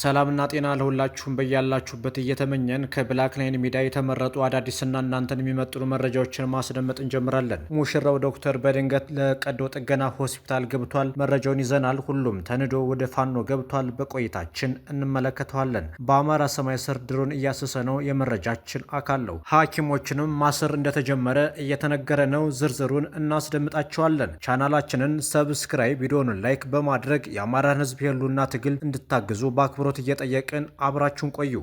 ሰላምና ጤና ለሁላችሁም በያላችሁበት እየተመኘን ከብላክ ላይን ሚዲያ የተመረጡ አዳዲስና እናንተን የሚመጥኑ መረጃዎችን ማስደመጥ እንጀምራለን። ሙሽራው ዶክተር በድንገት ለቀዶ ጥገና ሆስፒታል ገብቷል። መረጃውን ይዘናል። ሁሉም ተንዶ ወደ ፋኖ ገብቷል። በቆይታችን እንመለከተዋለን። በአማራ ሰማይ ስር ድሮን እያሰሰ ነው። የመረጃችን አካል ነው። ሐኪሞችንም ማሰር እንደተጀመረ እየተነገረ ነው። ዝርዝሩን እናስደምጣቸዋለን። ቻናላችንን ሰብስክራይብ፣ ቪዲዮን ላይክ በማድረግ የአማራን ህዝብ የህልውና ትግል እንድታግዙ በአክብሮ በአክብሮት እየጠየቅን አብራችሁን ቆዩ።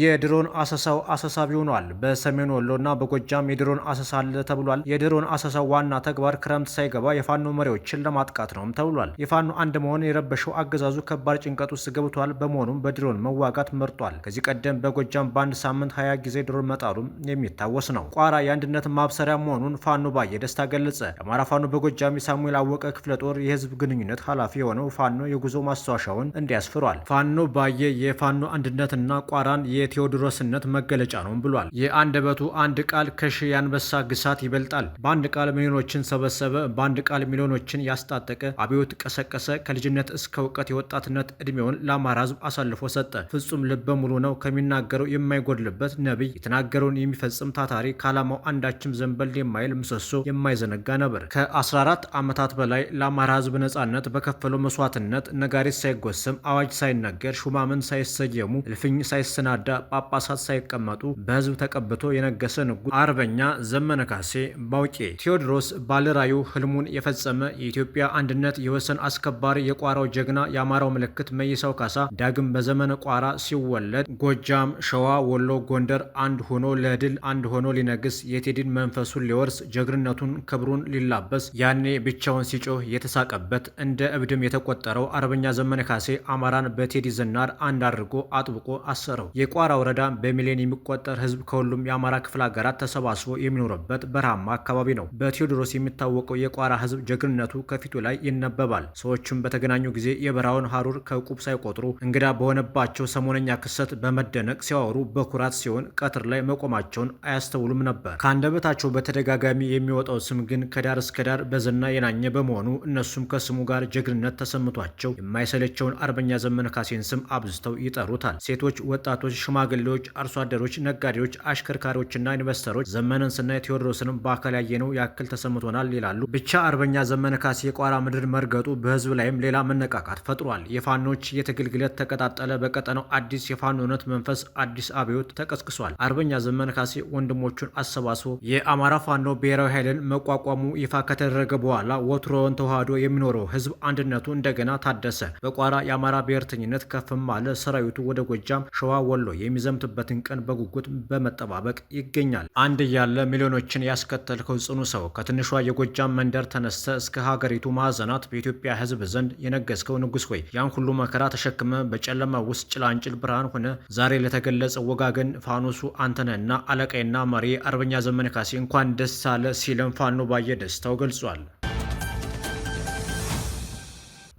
የድሮን አሰሳው አሳሳቢ ሆኗል። በሰሜን ወሎና በጎጃም የድሮን አሰሳ አለ ተብሏል። የድሮን አሰሳው ዋና ተግባር ክረምት ሳይገባ የፋኖ መሪዎችን ለማጥቃት ነውም ተብሏል። የፋኖ አንድ መሆን የረበሸው አገዛዙ ከባድ ጭንቀት ውስጥ ገብቷል። በመሆኑም በድሮን መዋጋት መርጧል። ከዚህ ቀደም በጎጃም በአንድ ሳምንት ሀያ ጊዜ ድሮን መጣሉም የሚታወስ ነው። ቋራ የአንድነት ማብሰሪያ መሆኑን ፋኖ ባየ ደስታ ገለጸ። የአማራ ፋኖ በጎጃም የሳሙኤል አወቀ ክፍለ ጦር የህዝብ ግንኙነት ኃላፊ የሆነው ፋኖ የጉዞ ማስታወሻውን እንዲያስፍሯል። ፋኖ ባየ የፋኖ አንድነትና ቋራን የቴዎድሮስነት መገለጫ ነው ብሏል። የአንደበቱ አንድ ቃል ከሺ የአንበሳ ግሳት ይበልጣል። በአንድ ቃል ሚሊዮኖችን ሰበሰበ። በአንድ ቃል ሚሊዮኖችን ያስታጠቀ አብዮት ቀሰቀሰ። ከልጅነት እስከ እውቀት የወጣትነት እድሜውን ለአማራ ህዝብ አሳልፎ ሰጠ። ፍጹም ልበ ሙሉ ነው። ከሚናገረው የማይጎድልበት ነቢይ፣ የተናገረውን የሚፈጽም ታታሪ፣ ከዓላማው አንዳችም ዘንበል የማይል ምሰሶ የማይዘነጋ ነበር። ከ14 ዓመታት በላይ ለአማራ ህዝብ ነጻነት በከፈለው መስዋዕትነት ነጋሪት ሳይጎሰም አዋጅ ሳይነገር ሹማምን ሳይሰየሙ እልፍኝ ሳይሰናዳ ጳጳሳት ሳይቀመጡ በህዝብ ተቀብቶ የነገሰ ንጉ አርበኛ ዘመነ ካሴ ባውቄ ቴዎድሮስ ባለራዩ ህልሙን የፈጸመ የኢትዮጵያ አንድነት የወሰን አስከባሪ የቋራው ጀግና የአማራው ምልክት መይሳው ካሳ ዳግም በዘመነ ቋራ ሲወለድ ጎጃም፣ ሸዋ፣ ወሎ፣ ጎንደር አንድ ሆኖ ለድል አንድ ሆኖ ሊነግስ የቴዲን መንፈሱን ሊወርስ ጀግንነቱን ክብሩን ሊላበስ ያኔ ብቻውን ሲጮህ የተሳቀበት እንደ እብድም የተቆጠረው አርበኛ ዘመነ ካሴ አማራን በቴዲ ዝናር አንድ አድርጎ አጥብቆ አሰረው። በቋራ ወረዳ በሚሊዮን የሚቆጠር ህዝብ ከሁሉም የአማራ ክፍለ ሀገራት ተሰባስቦ የሚኖርበት በረሃማ አካባቢ ነው። በቴዎድሮስ የሚታወቀው የቋራ ህዝብ ጀግንነቱ ከፊቱ ላይ ይነበባል። ሰዎቹም በተገናኙ ጊዜ የበረሃውን ሀሩር ከቁብ ሳይቆጥሩ እንግዳ በሆነባቸው ሰሞነኛ ክስተት በመደነቅ ሲያወሩ በኩራት ሲሆን ቀትር ላይ መቆማቸውን አያስተውሉም ነበር። ከአንደበታቸው በተደጋጋሚ የሚወጣው ስም ግን ከዳር እስከ ዳር በዝና የናኘ በመሆኑ እነሱም ከስሙ ጋር ጀግንነት ተሰምቷቸው የማይሰለቸውን አርበኛ ዘመነ ካሴን ስም አብዝተው ይጠሩታል። ሴቶች፣ ወጣቶች ሽማግሌዎች፣ አርሶ አደሮች፣ ነጋዴዎች፣ አሽከርካሪዎችና ኢንቨስተሮች ዘመነን ስናይ ቴዎድሮስንም በአካል ያየነው ያክል ተሰምቶናል ይላሉ። ብቻ አርበኛ ዘመነ ካሴ የቋራ ምድር መርገጡ በህዝብ ላይም ሌላ መነቃቃት ፈጥሯል። የፋኖች የትግል ግለት ተቀጣጠለ። በቀጠናው አዲስ የፋኖነት መንፈስ፣ አዲስ አብዮት ተቀስቅሷል። አርበኛ ዘመነ ካሴ ወንድሞቹን አሰባስቦ የአማራ ፋኖ ብሔራዊ ኃይልን መቋቋሙ ይፋ ከተደረገ በኋላ ወትሮውን ተዋህዶ የሚኖረው ህዝብ አንድነቱ እንደገና ታደሰ። በቋራ የአማራ ብሔርተኝነት ከፍም አለ። ሰራዊቱ ወደ ጎጃም፣ ሸዋ፣ ወሎ የሚዘምትበትን ቀን በጉጉት በመጠባበቅ ይገኛል። አንድ እያለ ሚሊዮኖችን ያስከተልከው ጽኑ ሰው ከትንሿ የጎጃም መንደር ተነስተ እስከ ሀገሪቱ ማዕዘናት በኢትዮጵያ ሕዝብ ዘንድ የነገስከው ንጉስ ሆይ ያን ሁሉ መከራ ተሸክመ በጨለማ ውስጥ ጭላንጭል ብርሃን ሆነ ዛሬ ለተገለጸ ወጋገን ፋኖሱ አንተነህና አለቃይና መሪ አርበኛ ዘመነ ካሴ እንኳን ደስ አለ ሲለም ፋኖ ባየ ደስታው ገልጿል።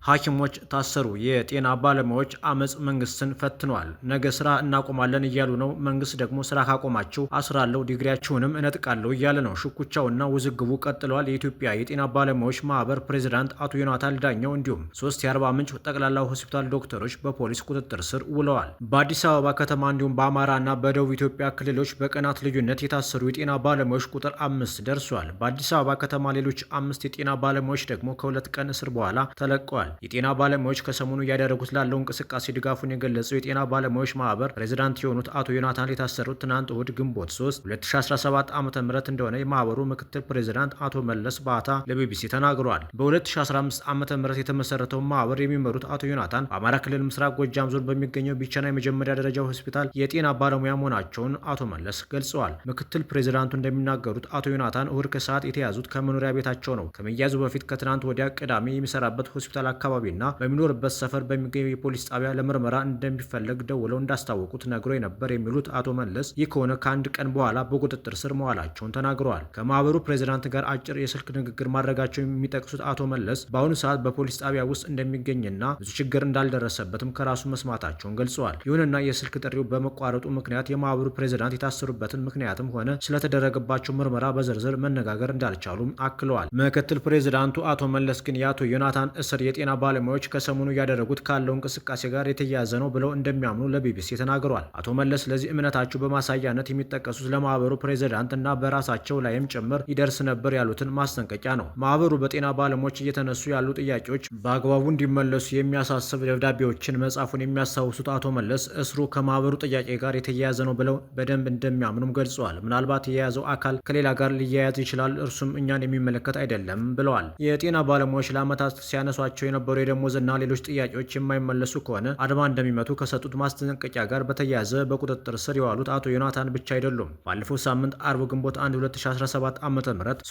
ሐኪሞች ታሰሩ። የጤና ባለሙያዎች አመፅ መንግስትን ፈትኗል። ነገ ስራ እናቆማለን እያሉ ነው። መንግስት ደግሞ ስራ ካቆማችሁ አስራለሁ፣ ዲግሪያችሁንም እነጥቃለሁ እያለ ነው። ሽኩቻውና ውዝግቡ ቀጥለዋል። የኢትዮጵያ የጤና ባለሙያዎች ማህበር ፕሬዚዳንት አቶ ዮናታን ዳኘው እንዲሁም ሶስት የአርባ ምንጭ ጠቅላላ ሆስፒታል ዶክተሮች በፖሊስ ቁጥጥር ስር ውለዋል። በአዲስ አበባ ከተማ እንዲሁም በአማራና በደቡብ ኢትዮጵያ ክልሎች በቀናት ልዩነት የታሰሩ የጤና ባለሙያዎች ቁጥር አምስት ደርሷል። በአዲስ አበባ ከተማ ሌሎች አምስት የጤና ባለሙያዎች ደግሞ ከሁለት ቀን እስር በኋላ ተለቀዋል። የጤና ባለሙያዎች ከሰሞኑ እያደረጉት ላለው እንቅስቃሴ ድጋፉን የገለጸው የጤና ባለሙያዎች ማህበር ፕሬዚዳንት የሆኑት አቶ ዮናታን የታሰሩት ትናንት እሁድ ግንቦት 3 2017 ዓ ም እንደሆነ የማህበሩ ምክትል ፕሬዚዳንት አቶ መለስ ባታ ለቢቢሲ ተናግረዋል። በ2015 ዓ ም የተመሰረተውን ማህበር የሚመሩት አቶ ዮናታን በአማራ ክልል ምስራቅ ጎጃም ዞን በሚገኘው ቢቸና የመጀመሪያ ደረጃ ሆስፒታል የጤና ባለሙያ መሆናቸውን አቶ መለስ ገልጸዋል። ምክትል ፕሬዚዳንቱ እንደሚናገሩት አቶ ዮናታን እሁድ ከሰዓት የተያዙት ከመኖሪያ ቤታቸው ነው። ከመያዙ በፊት ከትናንት ወዲያ ቅዳሜ የሚሰራበት ሆስፒታል አካባቢ አካባቢና በሚኖርበት ሰፈር በሚገኘው የፖሊስ ጣቢያ ለምርመራ እንደሚፈለግ ደውለው እንዳስታወቁት ነግሮ ነበር የሚሉት አቶ መለስ ይህ ከሆነ ከአንድ ቀን በኋላ በቁጥጥር ስር መዋላቸውን ተናግረዋል። ከማህበሩ ፕሬዚዳንት ጋር አጭር የስልክ ንግግር ማድረጋቸው የሚጠቅሱት አቶ መለስ በአሁኑ ሰዓት በፖሊስ ጣቢያ ውስጥ እንደሚገኝና ብዙ ችግር እንዳልደረሰበትም ከራሱ መስማታቸውን ገልጸዋል። ይሁንና የስልክ ጥሪው በመቋረጡ ምክንያት የማህበሩ ፕሬዚዳንት የታሰሩበትን ምክንያትም ሆነ ስለተደረገባቸው ምርመራ በዝርዝር መነጋገር እንዳልቻሉም አክለዋል። ምክትል ፕሬዚዳንቱ አቶ መለስ ግን የአቶ ዮናታን እስር የጤና የጤና ባለሙያዎች ከሰሞኑ እያደረጉት ካለው እንቅስቃሴ ጋር የተያያዘ ነው ብለው እንደሚያምኑ ለቢቢሲ ተናግሯል። አቶ መለስ ለዚህ እምነታቸው በማሳያነት የሚጠቀሱት ለማህበሩ ፕሬዚዳንት እና በራሳቸው ላይም ጭምር ይደርስ ነበር ያሉትን ማስጠንቀቂያ ነው። ማህበሩ በጤና ባለሙያዎች እየተነሱ ያሉ ጥያቄዎች በአግባቡ እንዲመለሱ የሚያሳስብ ደብዳቤዎችን መጻፉን የሚያስታውሱት አቶ መለስ እስሩ ከማህበሩ ጥያቄ ጋር የተያያዘ ነው ብለው በደንብ እንደሚያምኑም ገልጸዋል። ምናልባት የያዘው አካል ከሌላ ጋር ሊያያዝ ይችላል፣ እርሱም እኛን የሚመለከት አይደለም ብለዋል። የጤና ባለሙያዎች ለዓመታት ሲያነሷቸው የነበሩ እና ሌሎች ጥያቄዎች የማይመለሱ ከሆነ አድማ እንደሚመቱ ከሰጡት ማስጠንቀቂያ ጋር በተያያዘ በቁጥጥር ስር የዋሉት አቶ ዮናታን ብቻ አይደሉም። ባለፈው ሳምንት አርብ ግንቦት 1 2017 ዓ ም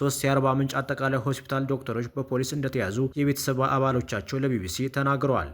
ሶስት የአርባ ምንጭ አጠቃላይ ሆስፒታል ዶክተሮች በፖሊስ እንደተያዙ የቤተሰብ አባሎቻቸው ለቢቢሲ ተናግረዋል።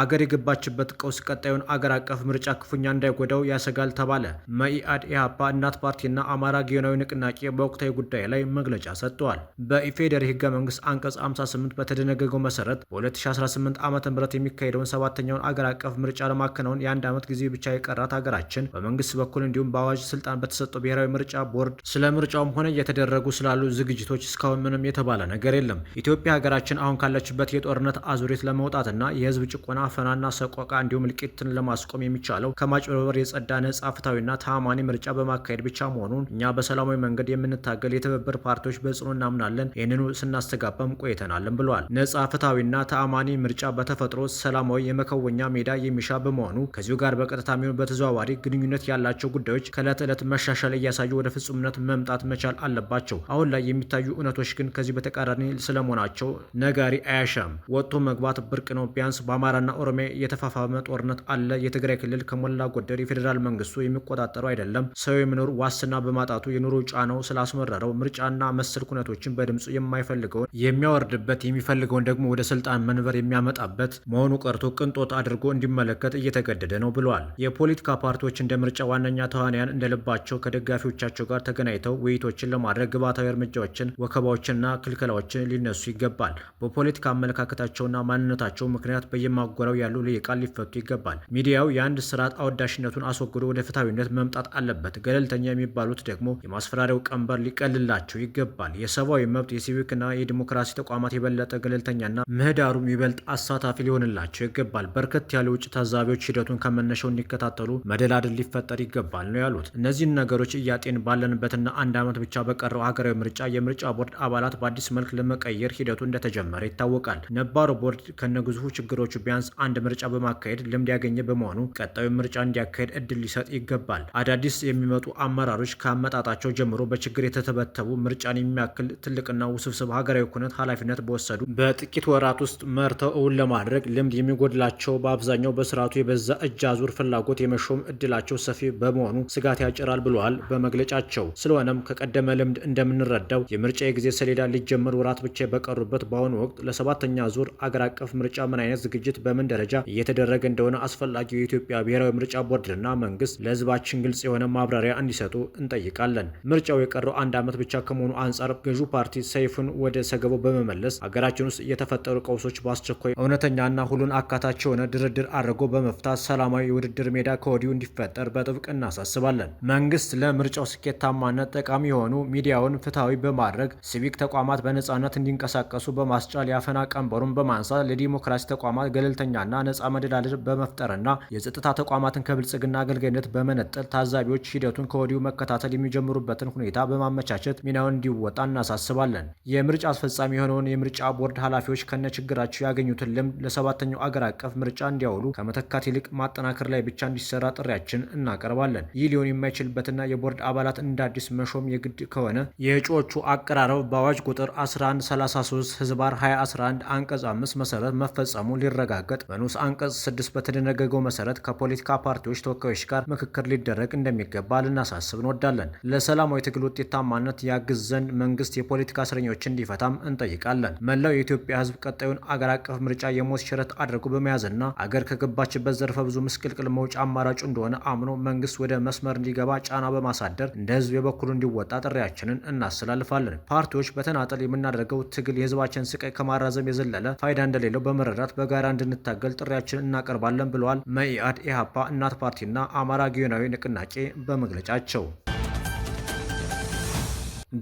አገር የገባችበት ቀውስ ቀጣዩን አገር አቀፍ ምርጫ ክፉኛ እንዳይጎዳው ያሰጋል ተባለ። መኢአድ፣ ኢህአፓ፣ እናት ፓርቲና አማራ ጊዮናዊ ንቅናቄ በወቅታዊ ጉዳይ ላይ መግለጫ ሰጥተዋል። በኢፌዴሪ ህገ መንግስት አንቀጽ 58 በተደነገገው መሰረት በ2018 ዓ ም የሚካሄደውን ሰባተኛውን አገር አቀፍ ምርጫ ለማከናወን የአንድ ዓመት ጊዜ ብቻ የቀራት ሀገራችን በመንግስት በኩል እንዲሁም በአዋጅ ስልጣን በተሰጠው ብሔራዊ ምርጫ ቦርድ ስለ ምርጫውም ሆነ እየተደረጉ ስላሉ ዝግጅቶች እስካሁን ምንም የተባለ ነገር የለም። ኢትዮጵያ ሀገራችን አሁን ካለችበት የጦርነት አዙሪት ለመውጣትና የህዝብ ጭቆና አፈናና ሰቆቃ እንዲሁም እልቂትን ለማስቆም የሚቻለው ከማጭበርበር የጸዳ ነጻ ፍትሐዊና ተአማኒ ምርጫ በማካሄድ ብቻ መሆኑን እኛ በሰላማዊ መንገድ የምንታገል የተበበር ፓርቲዎች በጽኑ እናምናለን። ይህንኑ ስናስተጋባም ቆይተናልን ብለዋል። ነጻ ፍትሐዊና ተአማኒ ምርጫ በተፈጥሮ ሰላማዊ የመከወኛ ሜዳ የሚሻ በመሆኑ ከዚሁ ጋር በቀጥታ የሚሆን በተዘዋዋሪ ግንኙነት ያላቸው ጉዳዮች ከዕለት ዕለት መሻሻል እያሳዩ ወደ ፍጹምነት መምጣት መቻል አለባቸው። አሁን ላይ የሚታዩ እውነቶች ግን ከዚህ በተቃራኒ ስለመሆናቸው ነጋሪ አያሻም። ወጥቶ መግባት ብርቅ ነው። ቢያንስ በአማራ አማራና ኦሮሚያ የተፋፋመ ጦርነት አለ። የትግራይ ክልል ከሞላ ጎደል የፌዴራል መንግስቱ የሚቆጣጠረው አይደለም። ሰው የመኖር ዋስና በማጣቱ የኑሮ ጫነው ስላስመረረው ምርጫና መሰል ኩነቶችን በድምፁ የማይፈልገውን የሚያወርድበት የሚፈልገውን ደግሞ ወደ ስልጣን መንበር የሚያመጣበት መሆኑ ቀርቶ ቅንጦት አድርጎ እንዲመለከት እየተገደደ ነው ብለዋል። የፖለቲካ ፓርቲዎች እንደ ምርጫ ዋነኛ ተዋንያን እንደልባቸው ከደጋፊዎቻቸው ጋር ተገናኝተው ውይይቶችን ለማድረግ ግባታዊ እርምጃዎችን፣ ወከባዎችንና ክልከላዎችን ሊነሱ ይገባል። በፖለቲካ አመለካከታቸውና ማንነታቸው ምክንያት በየማ ተጎራጉረው ያሉ ልሂቃን ሊፈቱ ይገባል። ሚዲያው የአንድ ስርዓት አወዳሽነቱን አስወግዶ ወደ ፍትሐዊነት መምጣት አለበት። ገለልተኛ የሚባሉት ደግሞ የማስፈራሪያው ቀንበር ሊቀልላቸው ይገባል። የሰብአዊ መብት የሲቪክና የዲሞክራሲ ተቋማት የበለጠ ገለልተኛና ምህዳሩም ይበልጥ አሳታፊ ሊሆንላቸው ይገባል። በርከት ያሉ ውጭ ታዛቢዎች ሂደቱን ከመነሻው እንዲከታተሉ መደላድል ሊፈጠር ይገባል ነው ያሉት። እነዚህን ነገሮች እያጤን ባለንበትና አንድ ዓመት ብቻ በቀረው ሀገራዊ ምርጫ የምርጫ ቦርድ አባላት በአዲስ መልክ ለመቀየር ሂደቱ እንደተጀመረ ይታወቃል። ነባሩ ቦርድ ከነግዙፉ ችግሮቹ ቢያንስ ቢያንስ አንድ ምርጫ በማካሄድ ልምድ ያገኘ በመሆኑ ቀጣዩ ምርጫ እንዲያካሄድ እድል ሊሰጥ ይገባል። አዳዲስ የሚመጡ አመራሮች ከአመጣጣቸው ጀምሮ በችግር የተተበተቡ ምርጫን የሚያክል ትልቅና ውስብስብ ሀገራዊ ኩነት ኃላፊነት በወሰዱ በጥቂት ወራት ውስጥ መርተው እውን ለማድረግ ልምድ የሚጎድላቸው በአብዛኛው በስርዓቱ የበዛ እጅ አዙር ፍላጎት የመሾም እድላቸው ሰፊ በመሆኑ ስጋት ያጭራል ብለዋል በመግለጫቸው። ስለሆነም ከቀደመ ልምድ እንደምንረዳው የምርጫ የጊዜ ሰሌዳ ሊጀመር ወራት ብቻ በቀሩበት በአሁኑ ወቅት ለሰባተኛ ዙር አገር አቀፍ ምርጫ ምን አይነት ዝግጅት በ በምን ደረጃ እየተደረገ እንደሆነ አስፈላጊው የኢትዮጵያ ብሔራዊ ምርጫ ቦርድና መንግስት ለህዝባችን ግልጽ የሆነ ማብራሪያ እንዲሰጡ እንጠይቃለን። ምርጫው የቀረው አንድ ዓመት ብቻ ከመሆኑ አንጻር ገዢ ፓርቲ ሰይፉን ወደ ሰገባው በመመለስ አገራችን ውስጥ የተፈጠሩ ቀውሶች በአስቸኳይ እውነተኛና ሁሉን አካታች የሆነ ድርድር አድርጎ በመፍታት ሰላማዊ የውድድር ሜዳ ከወዲሁ እንዲፈጠር በጥብቅ እናሳስባለን። መንግስት ለምርጫው ስኬታማነት ጠቃሚ የሆኑ ሚዲያውን ፍትሐዊ በማድረግ ሲቪክ ተቋማት በነጻነት እንዲንቀሳቀሱ በማስቻል ያፈና ቀንበሩን በማንሳት ለዲሞክራሲ ተቋማት ገለልተኛ ገለልተኛና ነፃ መደላድል በመፍጠርና የጸጥታ ተቋማትን ከብልጽግና አገልጋይነት በመነጠል ታዛቢዎች ሂደቱን ከወዲሁ መከታተል የሚጀምሩበትን ሁኔታ በማመቻቸት ሚናውን እንዲወጣ እናሳስባለን። የምርጫ አስፈጻሚ የሆነውን የምርጫ ቦርድ ኃላፊዎች ከነችግራቸው ያገኙትን ልምድ ለሰባተኛው አገር አቀፍ ምርጫ እንዲያውሉ ከመተካት ይልቅ ማጠናከር ላይ ብቻ እንዲሰራ ጥሪያችን እናቀርባለን። ይህ ሊሆን የማይችልበትና የቦርድ አባላት እንደ አዲስ መሾም የግድ ከሆነ የእጩዎቹ አቀራረብ በአዋጅ ቁጥር 1133 ህዝባር 2011 አንቀጽ 5 መሰረት መፈጸሙ ሊረጋገጥ ለማረጋገጥ በንዑስ አንቀጽ ስድስት በተደነገገው መሰረት ከፖለቲካ ፓርቲዎች ተወካዮች ጋር ምክክር ሊደረግ እንደሚገባ ልናሳስብ እንወዳለን። ለሰላማዊ ትግል ውጤታማነት ያግዝ ዘንድ መንግስት የፖለቲካ እስረኞችን እንዲፈታም እንጠይቃለን። መላው የኢትዮጵያ ህዝብ ቀጣዩን አገር አቀፍ ምርጫ የሞት ሽረት አድርጎ በመያዝና አገር ከገባችበት ዘርፈ ብዙ ምስቅልቅል መውጫ አማራጩ እንደሆነ አምኖ መንግስት ወደ መስመር እንዲገባ ጫና በማሳደር እንደ ህዝብ የበኩሉ እንዲወጣ ጥሪያችንን እናስተላልፋለን። ፓርቲዎች በተናጠል የምናደርገው ትግል የህዝባችን ስቃይ ከማራዘም የዘለለ ፋይዳ እንደሌለው በመረዳት በጋራ እንድንታ እንድንታገል ጥሪያችን እናቀርባለን ብለዋል። መኢአድ፣ ኢህአፓ፣ እናት ፓርቲና አማራ ጊዮናዊ ንቅናቄ በመግለጫቸው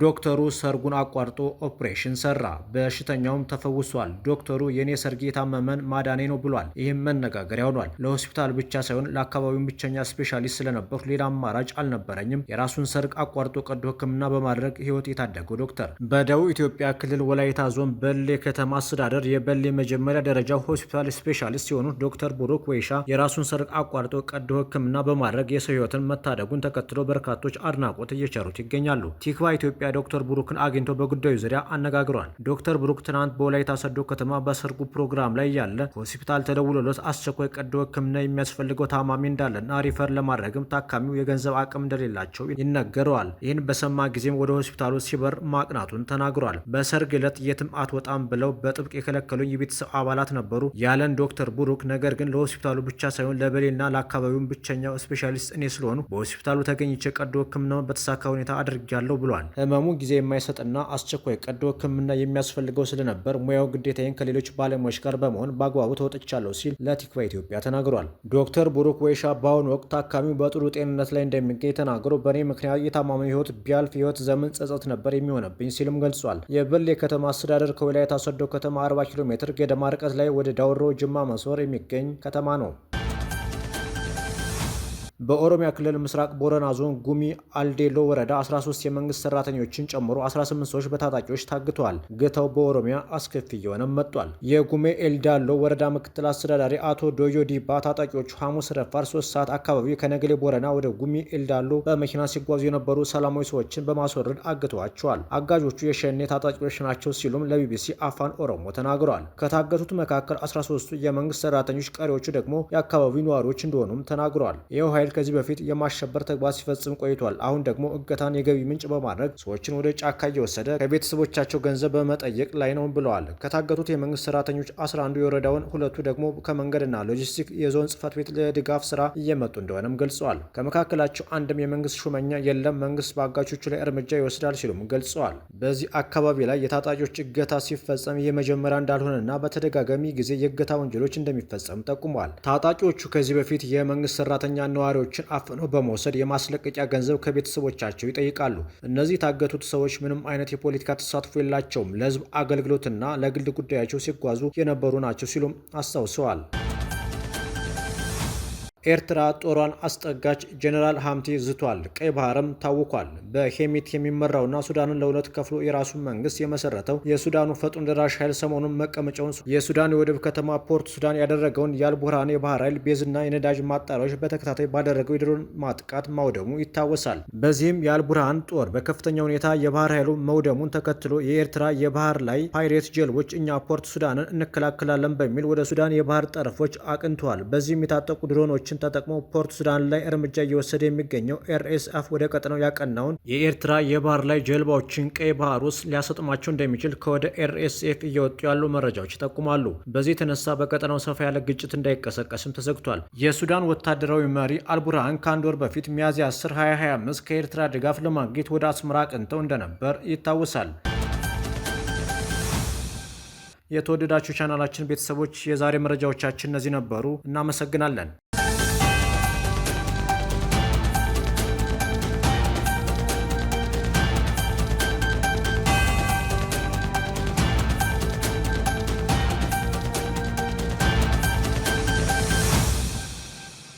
ዶክተሩ ሰርጉን አቋርጦ ኦፕሬሽን ሰራ፣ በሽተኛውም ተፈውሷል። ዶክተሩ የኔ ሰርግ የታመመን ማዳኔ ነው ብሏል። ይህም መነጋገሪያ ሆኗል። ለሆስፒታል ብቻ ሳይሆን ለአካባቢው ብቸኛ ስፔሻሊስት ስለነበርኩ ሌላ አማራጭ አልነበረኝም። የራሱን ሰርግ አቋርጦ ቀዶ ሕክምና በማድረግ ህይወት የታደገው ዶክተር በደቡብ ኢትዮጵያ ክልል ወላይታ ዞን በሌ ከተማ አስተዳደር የበሌ መጀመሪያ ደረጃ ሆስፒታል ስፔሻሊስት የሆኑት ዶክተር ቡሩክ ወይሻ የራሱን ሰርግ አቋርጦ ቀዶ ሕክምና በማድረግ የሰው ህይወትን መታደጉን ተከትሎ በርካቶች አድናቆት እየቸሩት ይገኛሉ። ቲክቫ ኢትዮጵያ ኢትዮጵያ ዶክተር ብሩክን አግኝቶ በጉዳዩ ዙሪያ አነጋግሯል። ዶክተር ብሩክ ትናንት በወላይታ ሰዶ ከተማ በሰርጉ ፕሮግራም ላይ ያለ ሆስፒታል ተደውሎለት አስቸኳይ ቀዶ ሕክምና የሚያስፈልገው ታማሚ እንዳለና ሪፈር ለማድረግም ታካሚው የገንዘብ አቅም እንደሌላቸው ይነገረዋል። ይህን በሰማ ጊዜም ወደ ሆስፒታሉ ሲበር ማቅናቱን ተናግሯል። በሰርግ ዕለት የትም አትወጣም ብለው በጥብቅ የከለከሉኝ የቤተሰብ አባላት ነበሩ ያለን ዶክተር ብሩክ ነገር ግን ለሆስፒታሉ ብቻ ሳይሆን ለበሌና ለአካባቢውን ብቸኛው ስፔሻሊስት እኔ ስለሆኑ በሆስፒታሉ ተገኝቼ ቀዶ ሕክምናውን በተሳካ ሁኔታ አድርጊያለሁ ብሏል። ህመሙ ጊዜ የማይሰጥና አስቸኳይ ቀዶ ህክምና የሚያስፈልገው ስለነበር ሙያው ግዴታዬን ከሌሎች ባለሙያዎች ጋር በመሆን በአግባቡ ተወጥቻለሁ ሲል ለቲክቫ ኢትዮጵያ ተናግሯል። ዶክተር ቡሩክ ወይሻ በአሁኑ ወቅት ታካሚው በጥሩ ጤንነት ላይ እንደሚገኝ ተናግሮ በእኔ ምክንያት የታማሚ ህይወት ቢያልፍ ህይወት ዘመን ጸጸት ነበር የሚሆነብኝ ሲልም ገልጿል። የበል የከተማ አስተዳደር ከወላይታ ሶዶ ከተማ 40 ኪሎ ሜትር ገደማ ርቀት ላይ ወደ ዳውሮ ጅማ መስወር የሚገኝ ከተማ ነው። በኦሮሚያ ክልል ምስራቅ ቦረና ዞን ጉሚ አልዴሎ ወረዳ 13 የመንግስት ሰራተኞችን ጨምሮ 18 ሰዎች በታጣቂዎች ታግተዋል። ግተው በኦሮሚያ አስከፊ እየሆነም መጥቷል። የጉሜ ኤልዳሎ ወረዳ ምክትል አስተዳዳሪ አቶ ዶዮ ዲባ ታጣቂዎቹ ሐሙስ ረፋር 3 ሰዓት አካባቢ ከነገሌ ቦረና ወደ ጉሚ ኤልዳሎ በመኪና ሲጓዙ የነበሩ ሰላማዊ ሰዎችን በማስወረድ አግተዋቸዋል። አጋዦቹ የሸኔ ታጣቂዎች ናቸው ሲሉም ለቢቢሲ አፋን ኦሮሞ ተናግረዋል። ከታገቱት መካከል 13ቱ የመንግስት ሰራተኞች፣ ቀሪዎቹ ደግሞ የአካባቢው ነዋሪዎች እንደሆኑም ተናግረዋል። ይኸው ኃይል ከዚህ በፊት የማሸበር ተግባር ሲፈጽም ቆይቷል። አሁን ደግሞ እገታን የገቢ ምንጭ በማድረግ ሰዎችን ወደ ጫካ እየወሰደ ከቤተሰቦቻቸው ገንዘብ በመጠየቅ ላይ ነው ብለዋል። ከታገቱት የመንግስት ሰራተኞች 11 የወረዳውን ሁለቱ ደግሞ ከመንገድና ሎጂስቲክ የዞን ጽህፈት ቤት ለድጋፍ ስራ እየመጡ እንደሆነም ገልጸዋል። ከመካከላቸው አንድም የመንግስት ሹመኛ የለም፣ መንግስት በአጋቾቹ ላይ እርምጃ ይወስዳል ሲሉም ገልጸዋል። በዚህ አካባቢ ላይ የታጣቂዎች እገታ ሲፈጸም የመጀመሪያ እንዳልሆነና በተደጋጋሚ ጊዜ የእገታ ወንጀሎች እንደሚፈጸም ጠቁሟል። ታጣቂዎቹ ከዚህ በፊት የመንግስት ሰራተኛ ነዋሪ ተማሪዎችን አፍነው በመውሰድ የማስለቀቂያ ገንዘብ ከቤተሰቦቻቸው ይጠይቃሉ። እነዚህ የታገቱት ሰዎች ምንም አይነት የፖለቲካ ተሳትፎ የላቸውም፣ ለህዝብ አገልግሎትና ለግል ጉዳያቸው ሲጓዙ የነበሩ ናቸው ሲሉም አስታውሰዋል። ኤርትራ ጦሯን አስጠጋች፣ ጄኔራል ሀምቲ ዝቷል፣ ቀይ ባህርም ታውኳል። በሄሚት የሚመራውና ሱዳንን ለሁለት ከፍሎ የራሱን መንግስት የመሰረተው የሱዳኑ ፈጡን ደራሽ ኃይል ሰሞኑን መቀመጫውን የሱዳን የወደብ ከተማ ፖርት ሱዳን ያደረገውን የአልቡርሃን የባህር ኃይል ቤዝና የነዳጅ ማጣሪያዎች በተከታታይ ባደረገው የድሮን ማጥቃት ማውደሙ ይታወሳል። በዚህም የአልቡርሃን ጦር በከፍተኛ ሁኔታ የባህር ኃይሉ መውደሙን ተከትሎ የኤርትራ የባህር ላይ ፓይሬት ጀልቦች እኛ ፖርት ሱዳንን እንከላከላለን በሚል ወደ ሱዳን የባህር ጠረፎች አቅንተዋል። በዚህም የታጠቁ ድሮኖች መረጃዎችን ተጠቅሞ ፖርት ሱዳን ላይ እርምጃ እየወሰደ የሚገኘው ኤርኤስኤፍ ወደ ቀጠናው ያቀናውን የኤርትራ የባህር ላይ ጀልባዎችን ቀይ ባህር ውስጥ ሊያሰጥማቸው እንደሚችል ከወደ ኤርኤስኤፍ እየወጡ ያሉ መረጃዎች ይጠቁማሉ። በዚህ የተነሳ በቀጠናው ሰፋ ያለ ግጭት እንዳይቀሰቀስም ተዘግቷል። የሱዳን ወታደራዊ መሪ አልቡርሃን ከአንድ ወር በፊት ሚያዝያ 10 2025 ከኤርትራ ድጋፍ ለማግኘት ወደ አስመራ አቅንተው እንደነበር ይታወሳል። የተወደዳችሁ ቻናላችን ቤተሰቦች የዛሬ መረጃዎቻችን እነዚህ ነበሩ። እናመሰግናለን።